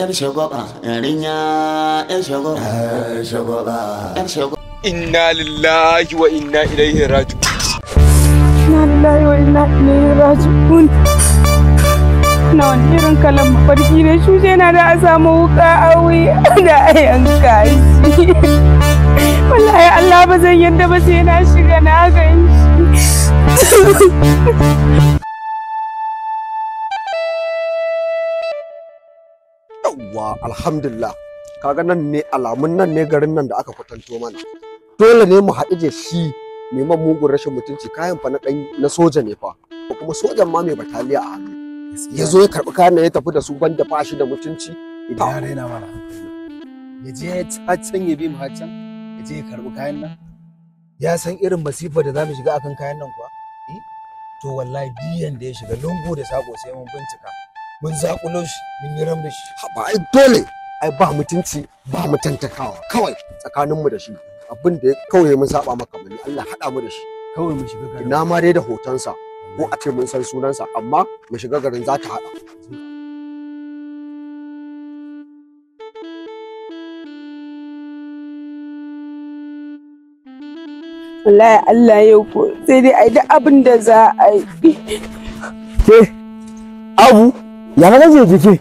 'yar shagoba yarinya 'yar shagoba shagoba shagoba inna lillahi wa inna ilaihi raji'un inna lillahi wa inna ilaihi raji'un na wani irin kalan mafarki ne shuje na da a samu wuka awi da a yanka shi wallahi Allah ba zan yadda ba sai na shiga na gan shi yawwa alhamdulillah kaga nan ne alamun nan ne garin nan da aka kwatanto mana dole ne mu haɗu da shi neman mugun rashin mutunci kayan fa na na soja ne fa kuma sojan ma mai bataliya a hannu ya zo ya karɓi kayan ya tafi da su banda da fashi da mutunci idan ya raina mana ya je ya can ya bi mu can ya je ya karɓi kayan nan ya san irin masifar da za mu shiga akan kayan nan kuwa eh? to wallahi biyan da ya shiga lungu da sako sai mun bincika mun zakulo shi mun yi ramda da shi ba ai dole ai ba mutunci ba mutantakawa kawai tsakaninmu da shi abin da kawai mun saba maka mani Allah hada mu da shi kawai mu shiga garin ina ma dai da hotonsa ko a ce mun san sunansa amma mu shiga garin za ta hada. wallahi Allah ya ko sai dai a yi abin da za a yi ke abu ya na zai jike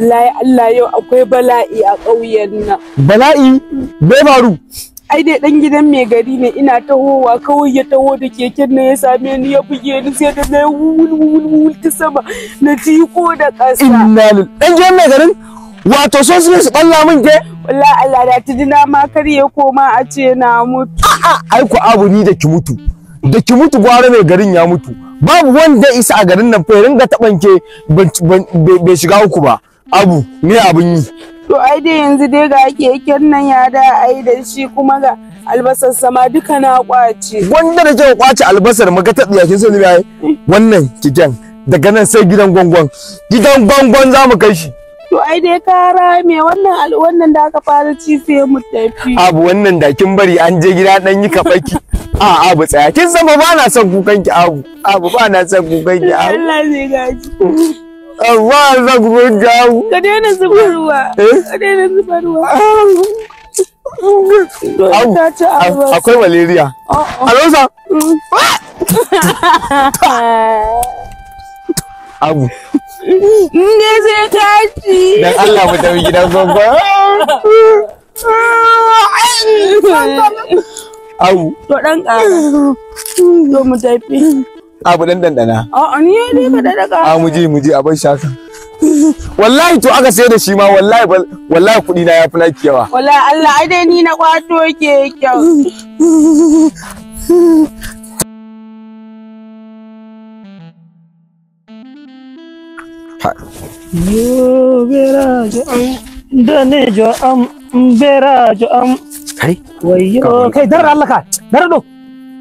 wallahi Allah yau akwai bala'i a ƙauyen nan bala'i bai faru ai dai dan gidan mai gari ne ina tahowa kawai ya taho da keken na ya same ni ya buge ni sai da na wul ta sama na jiko da ƙasa inna dan gidan mai garin wato so su su balla min ke wallahi Allah da tiji na ma karye koma a ce na mutu a'a ai ku abu ni da ki mutu da ki mutu gwara mai garin ya mutu babu wanda isa a garin nan fa ringa tabanke bai shiga uku ba abu me abun yi to ai dai yanzu dai ga keken nan ya da ai da shi kuma ga albasar sama duka na kwace wanda da kyau kwace albasar maka ta tsiya kin sani bai wannan keken daga nan sai gidan gwangwan gidan gwangwan za mu kai shi to ai dai ka rame wannan wannan da aka fara ci sai mu tafi abu wannan da kin bari an je gida dan yi kafaki a abu tsaya kin zama ba na son kukan ki abu abu ba na son kukan ki abu Allah zai gaji Allah zan kukan ki abu ka daina zuba ruwa eh? ka daina zuba ruwa abu akwai malaria a oh, oh. alosa abu ne zai tashi dan Allah mu tafi gidan gobe Au. To ɗan ƙara. To mu tafi. Abu ɗan ɗanɗana. A'a ni ne ka da daga. A mu je mu je a bar shaka. Wallahi to aka sayar da shi ma wallahi wallahi kuɗi na yafi naki yawa. Wallahi Allah ai dai ni na kwato ke kyau. Yo berajo am dane jo am berajo am kai wayyo kai dar Allah ka dar do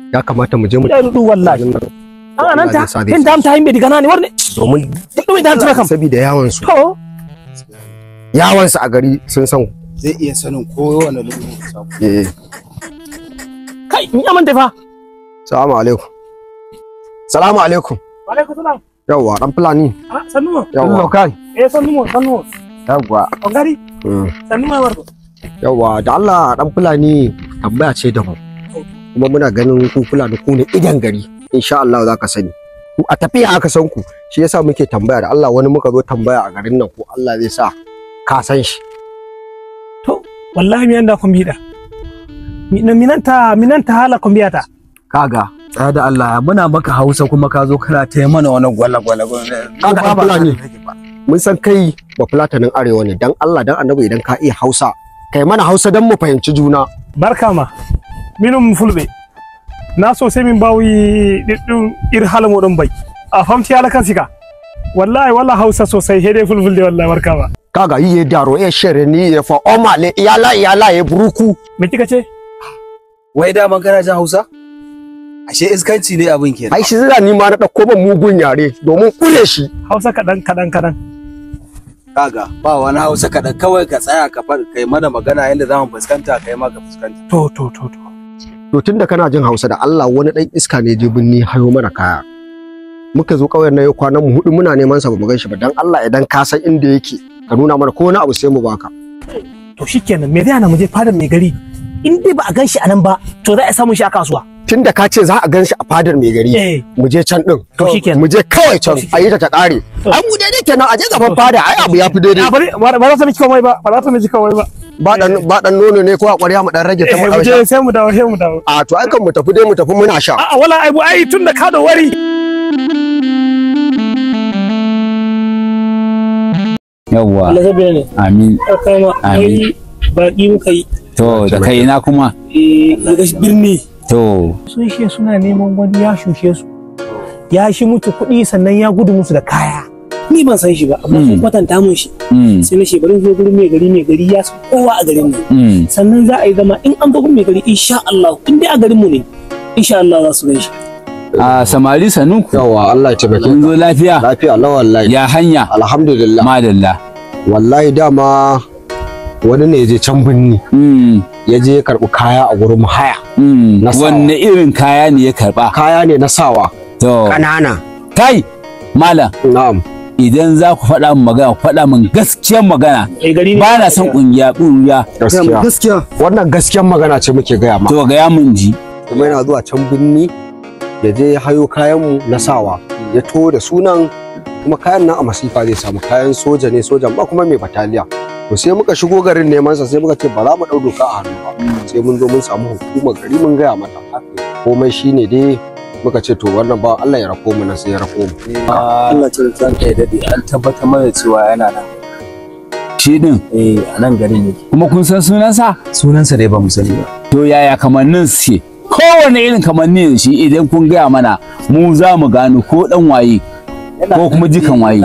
ya kamata mu je mu dar do wallahi nan ta, in da amta himbe diga nani warne domin domin da amta kam saboda yawan su yawan su a gari sun san zai iya sanin ko wani lokaci eh. kai in aman fa salamu alaikum salamu alaikum wa alaikum salam yawwa dan fulani ah, sannu yawwa kai eh sannu sannu yawwa ongari mm. sannu ma warko yawa da Allah dan fulani tambaya ce da mu kuma muna ganin ku fulani ku ne idan gari insha Allah za ka sani ku a tafiya aka san ku shi yasa muke tambaya da Allah wani muka zo tambaya a garin nan ku. Allah zai sa ka san shi to wallahi mi yanda kun bida minanta minanta hala kun biyata kaga da Allah muna maka Hausa kuma ka zo kana ta mana wani gwala gwala kaga fulani mun san kai ba fulatanin arewa ne dan Allah dan annabi idan ka iya Hausa kai mana hausa don mu fahimci juna barka ma minum fulbe na so sai min bawi diddun ir halmo don bai a famti ala kan sika wallahi walla hausa sosai hede de wallahi barka ma kaga iye daro e shere ni e fa oma le iyala iyala e buruku me kika ce wai da man kana jin hausa ashe iskanci ne abin kenan ai shi zira ni ma na dauko ban mugun yare domin kure shi hausa kadan kadan kadan kaga ba wani hausa kaɗan kawai ka tsaya ka kai mana magana yadda za mu fuskanta kai ma ka fuskanta to to to to to tunda kana jin hausa da Allah wani dan iska ne je binni hayo mana kaya muka zo kauyen na yau kwanan mu hudu muna neman sa ba mu gan shi ba dan Allah idan ka san inda yake ka nuna mana ko wani abu sai mu baka to shikenan me zai ana mu je fadar mai gari in dai ba a gan shi a nan ba to za a samu shi a kasuwa tun da ka ce za a gan shi a fadar mai gari eh. mu je can din mu je kawai can a yi ta ta kare an mu daidai kenan a je zafan fada ai abu ya fi daidai ba za ta miki komai ba ba za ta miki komai ba ba dan eh. ba dan nono ne ko a ƙwarya mu dan rage ta eh, mu je sai mu dawo sai mu dawo a to ai kan mu tafi dai mu tafi muna sha a'a wala ai ai tun da ka da wari yawwa amin amin baki muka yi to da kai na kuma birni to sun she suna neman wani ya shushe su ya shi mutu kuɗi sannan ya gudu musu da kaya ni ban san shi ba amma sun hmm. kwatanta mun shi hmm. sai na shi bari zo gurin mai gari mai gari ya san kowa a garin mu hmm. sannan za a yi zama in an zo gurin mai gari insha Allah in dai a garin mu ne insha Allah za su gan shi a samari sanuku yawa Allah ya tabbata kun zo lafiya lafiya Allah wallahi ya hanya alhamdulillah madalla wallahi dama wani ne je can binni ya je ya karɓi kaya a gurin haya. Hmm, wanne irin kaya ne ya karɓa? Kaya ne na sawa. To. kanana. Kai, malam. Na'am. Idan za ku faɗa min magana, ku faɗa min gaskiyar magana. Eh, ba na son ƙungiya ƙungiya. Gaskiya. Wannan gaskiyar magana ce muke gaya ma. To gaya mun ji. Kuma yana zuwa can binni ya je ya hayo kayan mu na sawa. Ya to da sunan kuma kayan nan a masifa zai samu kayan soja ne sojan ba kuma mai bataliya. to sai muka shigo garin neman sa sai muka ce ba za mu dau doka a hannu ba sai mun zo mun samu hukumar gari mun gaya mata komai shine dai muka ce to wannan ba Allah ya rako mu nan sai ya rako mu Allah ce zan kai dade an tabbata mana cewa yana nan shi din eh a nan garin ne. kuma kun san sunan sunan sunansa dai ba mu sani ba to yaya kamannin su kowane irin kamannin shi idan kun gaya mana mu za mu gano ko dan waye ko kuma jikan waye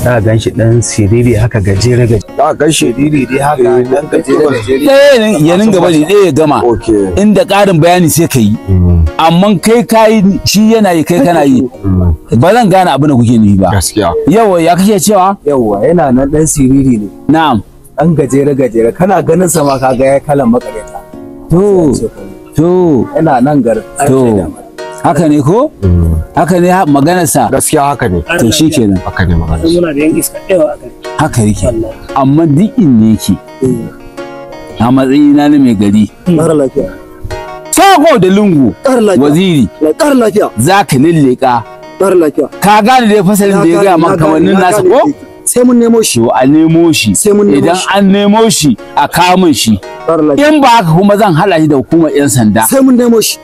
za gan shi dan siriri haka gajere gaje za gan siriri dai haka dan eh, gajere ɗaya yanin gaba ne dai ya gama inda ƙarin bayani sai ka yi mm. amma kai kai shi yana yi kai kana yi mm. ba zan gane abin da kuke nufi ba gaskiya yawa ya kace cewa yawa yana nan dan siriri ne na'am dan gajere gajere kana ganin sa ma kaga ya kalan makareta to to yana nan garin to haka ne ko mm. haka ne maganarsa gaskiya haka ne to shi kenan haka ne maganarsa muna da haka yake amma duk ne yake mm. a matsayina na mai gari mara mm. lafiya da lungu waziri lafiya za ka lilleka lafiya ka gane da fasalin da ya gaya maka kamannin nasa ko sai mun nemo shi a nemo shi idan an nemo shi a kamun shi in ba haka kuma zan hala shi da hukumar yan sanda sai mun nemo shi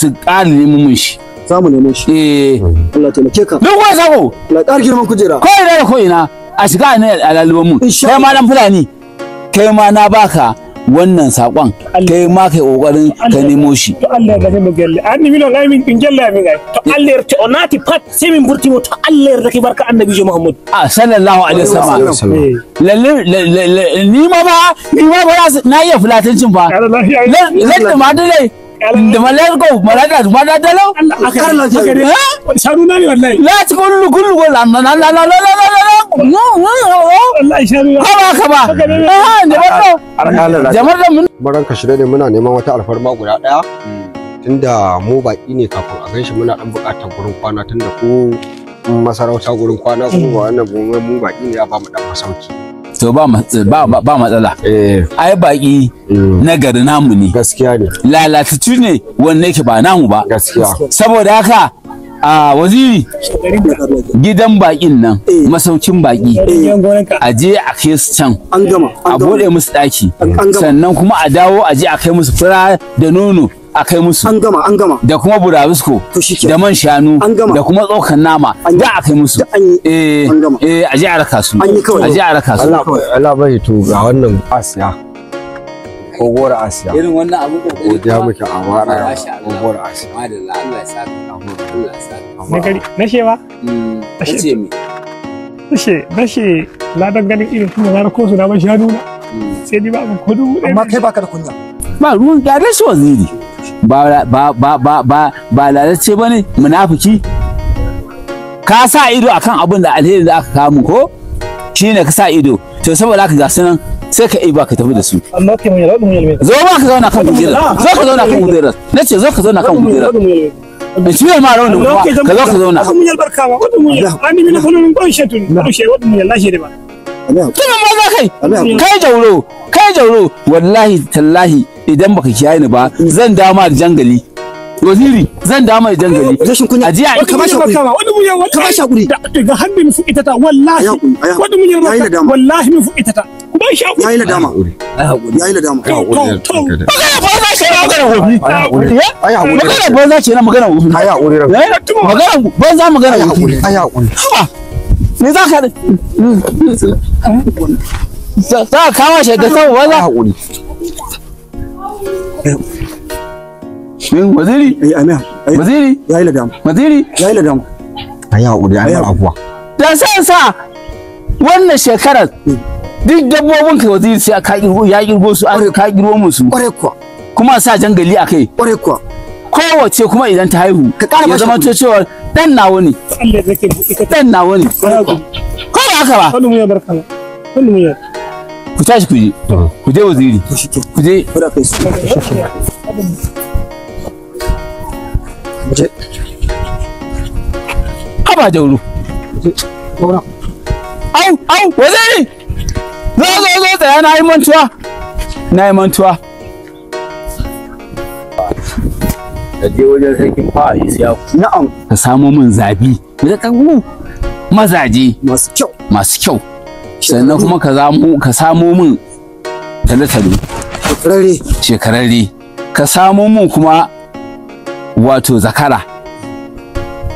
su ƙara neman mun shi za mu neman shi eh Allah taimake ka duk wani sako Allah ƙara girman kujera ko ina da ko ina a shiga ne a alaliban mu kai ma dan fulani kai ma na baka wannan sakon kai ma kai kokarin ka nemo shi to Allah ya gaje mu gelle an nemi non amin din gelle amin ai to Allah ya ta onati pat sai min burti mu to Allah ya raki barka annabi jo Muhammad ah sallallahu alaihi wasallam eh. lalle ni ma ba ni ma ba na iya fulatancin fa lalle ma dai da malalar ko malalar da dalo akar la na ni wallahi la ci ko lu kullu ko la la la la la la no no wallahi shanu ha ba ka ba ha da ba jamar da mun baran ka shirye ne muna neman wata alfarma guda daya tunda mu baki ne kafin a ganshi muna dan bukatar gurin kwana tunda ko masarauta gurin kwana ko wannan mu baki ne ya ba mu dan masauki to ba matsala eh. ai baki hmm. na gari namu ne gaskiya ne lalatutu ne wanne yake ba namu ba gaskiya saboda haka a waziri gidan bakin nan eh. masaukin baki eh. a je a kai su can a bude musu daki sannan kuma a dawo a je a kai musu fura da nono a kai musu an gama an gama da kuma burabusko da man shanu da kuma tsokan nama da a kai musu eh eh a ji a raka su a ji a raka su Allah bai to ga wannan asiya kogowar asiya irin wannan abu ko godiya muke a wara kogowar asiya madalla Allah ya sa ka Allah ya sa na gari na shewa hmm, na ce me rashe rashe ladan ganin irin kuma na ko su na man shanu na hmm. sai ni ba mu kudu. amma kai baka da kunya ba ruwan da rashin waziri ba ba ba ba ba ba lalace bane munafiki ka sa ido akan abin da alheri da aka kawo ko shi ne ka sa ido to saboda haka ga nan sai ka iba ka tafi da su. Zo ba ka zauna kan gudera zo ka zauna kan gudera na ce zo ka zauna kan gudera In ci ma rauni ba, ka zo ka zauna. na ban ba kina ma za kai. Kai jauro, kai jauro. Wallahi tallahi idan baka kiyaye ni ba mm. zan dama da jangali. Waziri zan dama da jangali. Rashin kunya. Ajiya ka ba shakuri. Ka ba shakuri. Daga hannun mu fuki ta wallahi. Wani mun yarda wallahi mun fuki ta. Ku ba shakuri. Yayi nadama. Ai hakuri. Yayi nadama. Ai hakuri. Magana ba za ka yi magana hobi. Ai hakuri. Magana ba za ka yi magana hobi. Ai hakuri. Eh? Magana ba za magana hobi. Ai hakuri. me za ka za ka kama shi da waziri eh, waziri yayi ladam waziri yayi ladam ai hakuri ai abuwa da san sa wannan shekarar eh. duk dabbobin ka waziri sai ya kirgo su ka kirgo musu kuwa kuma sa jangali akai kware kuwa kowace kuma idan ta haihu ya zama to cewa dan nawa ne dan nawa ne ko ba haka ba ku tashi ku je ku je waziri ku je haba jauro au au waziri zo zo zo tsaya na yi mantuwa na yi mantuwa ka je wajen sarkin fa'a isiyaku na'am ka samo min zabi da ka mazaje masu kyau masu kyau sannan kuma ka zamo ka samo min talatalu shekararre shekararre ka samo min kuma wato zakara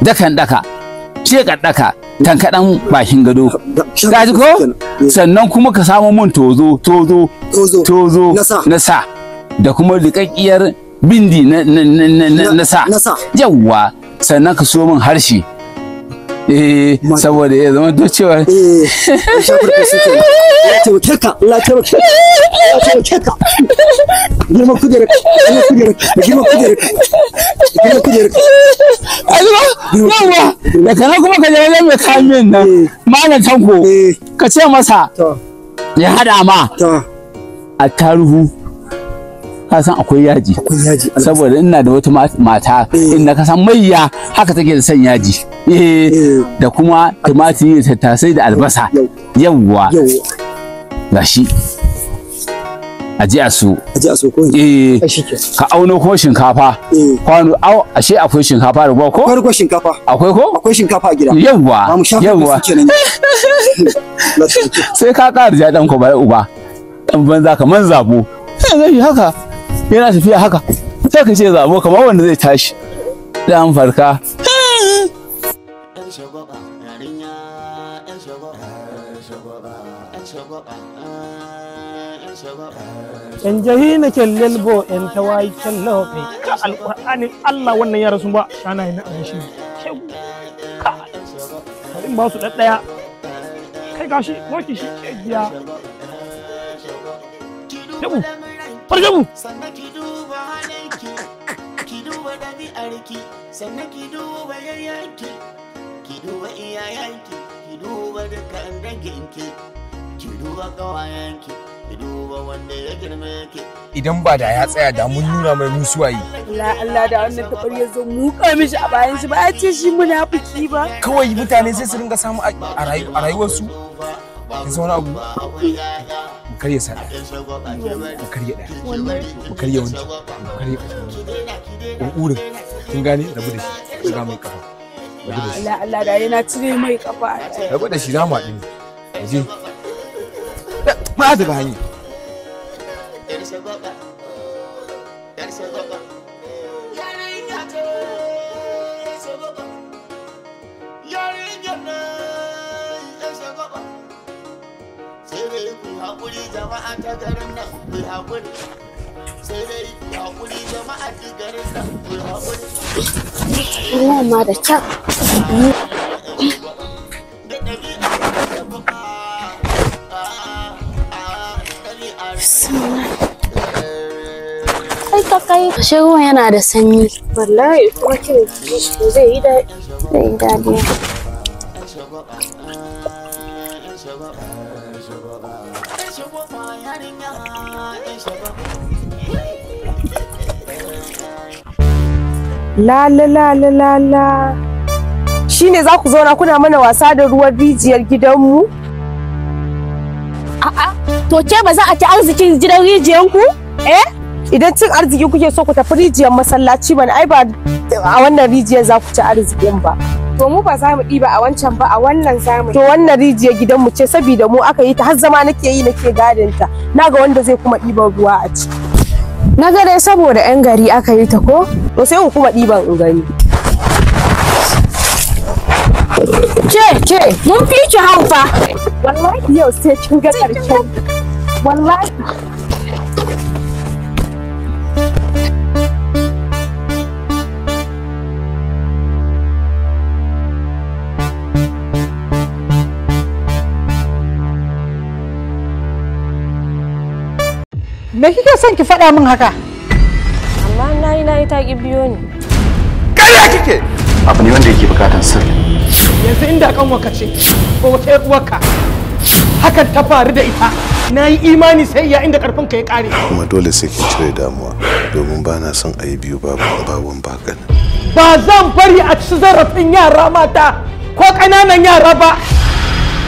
dakan daka ce ka daka tankaɗan bakin gado gaji ko eh. sannan kuma ka samo min tozo tozo tozo na sa da kuma liƙaƙƙiyar bindi na sa yawa sannan ka so min harshe eh saboda ya zama to cewa eh ka Allah ya ka girma girma girma eh. eh. ka ce masa ya hada ma a taruhu ka san akwai yaji saboda ina da wata mata eh. na ka san mayya haka take da san yaji eh, eh. da kuma tumatiri da tattasai da albasa yawwa gashi a ji a su. eh ka auno ko shinkafa kwano au ashe akwai shinkafa da ko akwai shinkafa akwai ko akwai shinkafa a gida yawwa yawwa sai ka ƙara ja dan ko bai uba dan banza kaman zabo sai haka yana tafiya haka sai ka ce zabo kamar wanda zai tashi da an farka in jahi na kyallel bo in ta wayi kyallo ka alƙur'anin Allah wannan yara sun ba shana yana an shi ka in ba su ɗaɗɗaya kai gashi waki shi ke jiya Barjabu. Sannan ki duba halinki, ki duba ɗabi'arki, sannan ki duba yayyanki, ki duba iyayenki, ki duba dukkan danginki, ki duba ƙawayenki, ki duba wanda ya girme ki. Idan ba da ya tsaya da mun nuna mai musuwayi. La Allah da wannan tabar ya zo muka mishi a bayan shi ba a ce shi munafiki ba. Kawai mutane sai su ringa samu a rayuwarsu. Yanzu wani abu. mu karya sada mu karya ɗaya mu karya wanci mu karya ƙasa ƙunƙurin kin gane rabu da shi ga mai kafa rabu da shi Allah da yana cire mai kafa rabu da shi za mu haɗu ne waje ma daga hanyar Yar shagwaba, shagwaba. hakuri jama'a ta garin nan ku hakuri sai dai ku haƙuri jama'a ta garin nan ku hakuri Allah ma da can Kai kai kashe ruwan yana da sanyi. Wallahi kuma kin zai yi daɗi. Zai yi daɗi. la la la la la la shine za ku zauna kuna mana wasa da ruwan rijiyar gidanmu a'a to ce ba za a ci arzikin gidan rijiyar ku eh idan cin arziki kuke so ku tafi rijiyar masallaci ba ai ba a wannan rijiyar za ku ci arzikin ba to mu ba za mu ɗiba a wancan ba a wannan zamu to wannan rijiyar gidanmu ce saboda mu aka yi ta har zama nake yi nake gadinta ga wanda zai kuma ɗiban ruwa a ciki Na ga dai saboda 'yan gari aka yi ta ko? To sai ku kuma ɗiban in gani. Ke ke mun fi ki haufa. Wallahi yau sai kin ga ƙarshen. Wallahi. Me kike son ki faɗa min haka? Amma na yi na yi ta ki biyo ni. Ƙarya kike! Abu ne wanda yake bukatan sirri. Yanzu inda kan waka ce ko wata uwarka hakan ta faru da ita na yi imani sai iya inda karfin ka ya kare. Kuma dole sai kin cire damuwa domin ba na son a yi biyu babu babun bakan. Ba zan bari a ci zarafin yara mata ko ƙananan yara ba.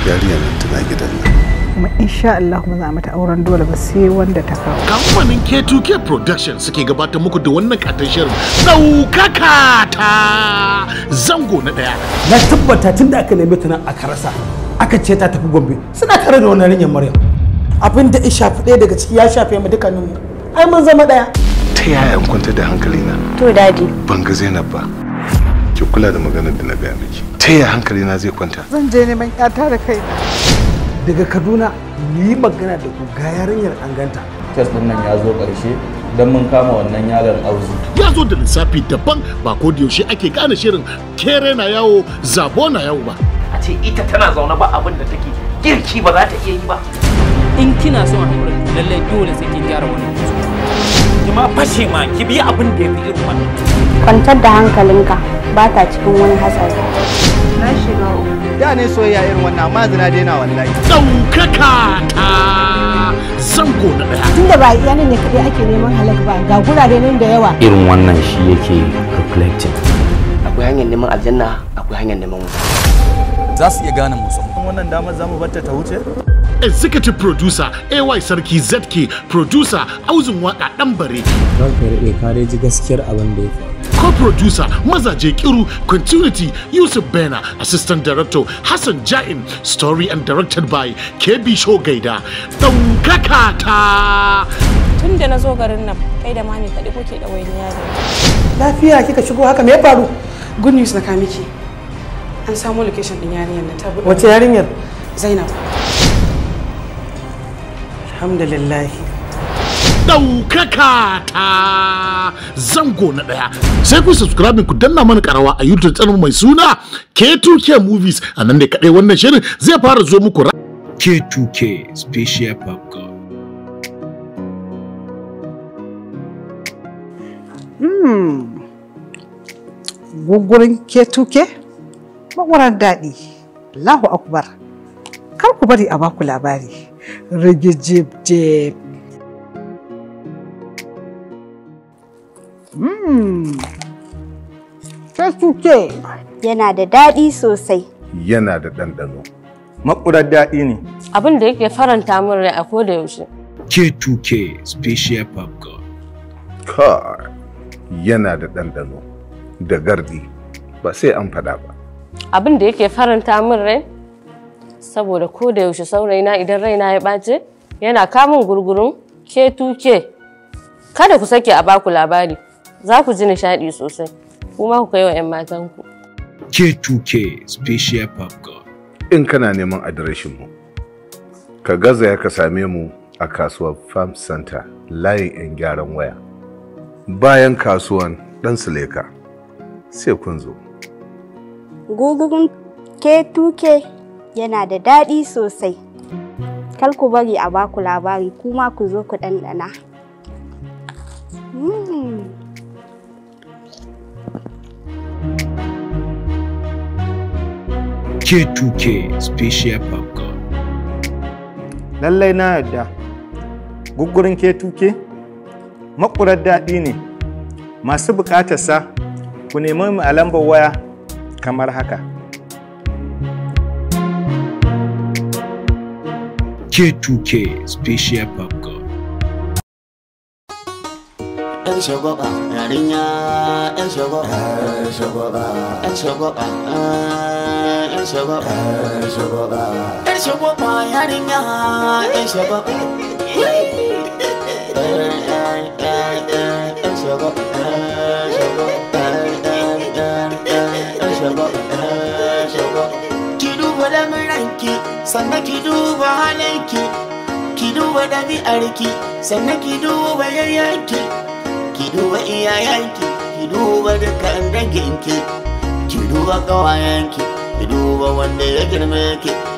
Yariya nan tana gidan nan. kuma insha Allah kuma za mata auren dole ba sai wanda ta kawo. Kamfanin K2K Production suke gabatar muku da wannan katon shirin ɗaukaka ta zango na ɗaya. Na tabbata tun da aka neme ta nan aka rasa aka ce ta tafi Gombe suna tare da wannan rinyar Maryam. Abin da isha shafi ɗaya daga ciki ya shafe mu mu. Ai mun zama ɗaya. Ta yaya kwanta da hankalina? To dadi. Ban ga Zainab ba. Ki kula da maganar da na gaya miki. Ta yaya hankalina zai kwanta? Zan je neman ta da kai. daga kaduna ni yi magana da ku ga yarinyar an ganta test din nan ya zo karshe don mun kama wannan yaron auzu ya zo da lissafi daban ba ko da yaushe ake gane shirin kere na yawo zabo na yawo ba a ce ita tana zaune ba abin da take kirki ba za ta iya yi ba in kina son haƙuri lallai dole sai kin gyara wannan ki ma fashe ma ki biya abin da ya fi irin wannan kwantar da hankalinka ba ta cikin wani hatsari Na shiga uku. Da ne soyayya irin wannan amma yanzu na daina wallahi. Ɗaukaka ta ko na ɗaya. Tun da ba iya ne kaɗai ake neman halak ba ga gurare nan da yawa. Irin wannan shi yake reflecting. Akwai hanyar neman aljanna akwai hanyar neman wuta. Za su iya gane musu. Wannan damar za mu bata ta wuce? executive producer ay sarki zk producer auzun waka dan bare ranka ya kare ji gaskiyar abin da co-producer mazaje kiru continuity yusuf bena assistant director hassan jain story and directed by kb shogaida ɗaukaka ta tun da na zo garin nan kai da mami kaɗi kuke da wani yaro lafiya kika shigo haka me ya faru good news na kamiki an samu location din yarinyar na ta wace yarinyar zainab alhamdulillah ɗaukaka ta zango na ɗaya sai ku subscribe ku danna mana karawa a youtube channel mai suna k2k movies a nan da kaɗai wannan shirin zai fara zo muku k2k special popcorn Hmm. Gugurin K2K? Magwaran daɗi. Allahu Akbar. Kar ku bari a baku labari. rigijibjib Fesuke hmm. yana da daɗi sosai. Yana da ɗanɗano. Makurar daɗi ne. Abin da yake faranta min rai a koda yaushe. K2K Special Popcorn. Car yana da ɗanɗano da gardi ba sai an faɗa ba. Abin da yake faranta min rai saboda ko da yaushe saurayina idan raina ya ɓace yana kamun gurgurun ke tuke kada ku sake a baku labari za ku ji nishaɗi sosai kuma ku kai wa 'yan matanku. K2K Special Popcorn. In kana neman adireshin mu, ka gaza ya ka same mu a kasuwar Farm Center layin 'yan gyaran waya. Bayan kasuwan ɗan Suleka, sai kun zo. Gugugun k 2 yana da daɗi sosai kar ku bari a baku labari kuma ku zo ku ɗanɗana K2K hmm. Special Popcorn. Lallai na yarda, guggurin K2K makurar daɗi ne, masu buƙatarsa ku nemi mu a lambar waya kamar haka. K2K Special Popcorn. ‘Yan shagwaba, yarinya, ‘yan shagwaba, ‘yan shagwaba, ‘yan shagwaba, ‘yan shagwaba, ‘yan shagwaba, ‘yan shagwaba, yarinya, ‘yan shagwaba, ‘yan shagwaba, ‘yan shagwaba, ki sannan ki duba halinki ki duba ɗabi'arki sannan ki duba yayyanki ki duba iyayenki ki duba dukkan danginki ki duba ƙawayenki ki duba wanda ya girme ki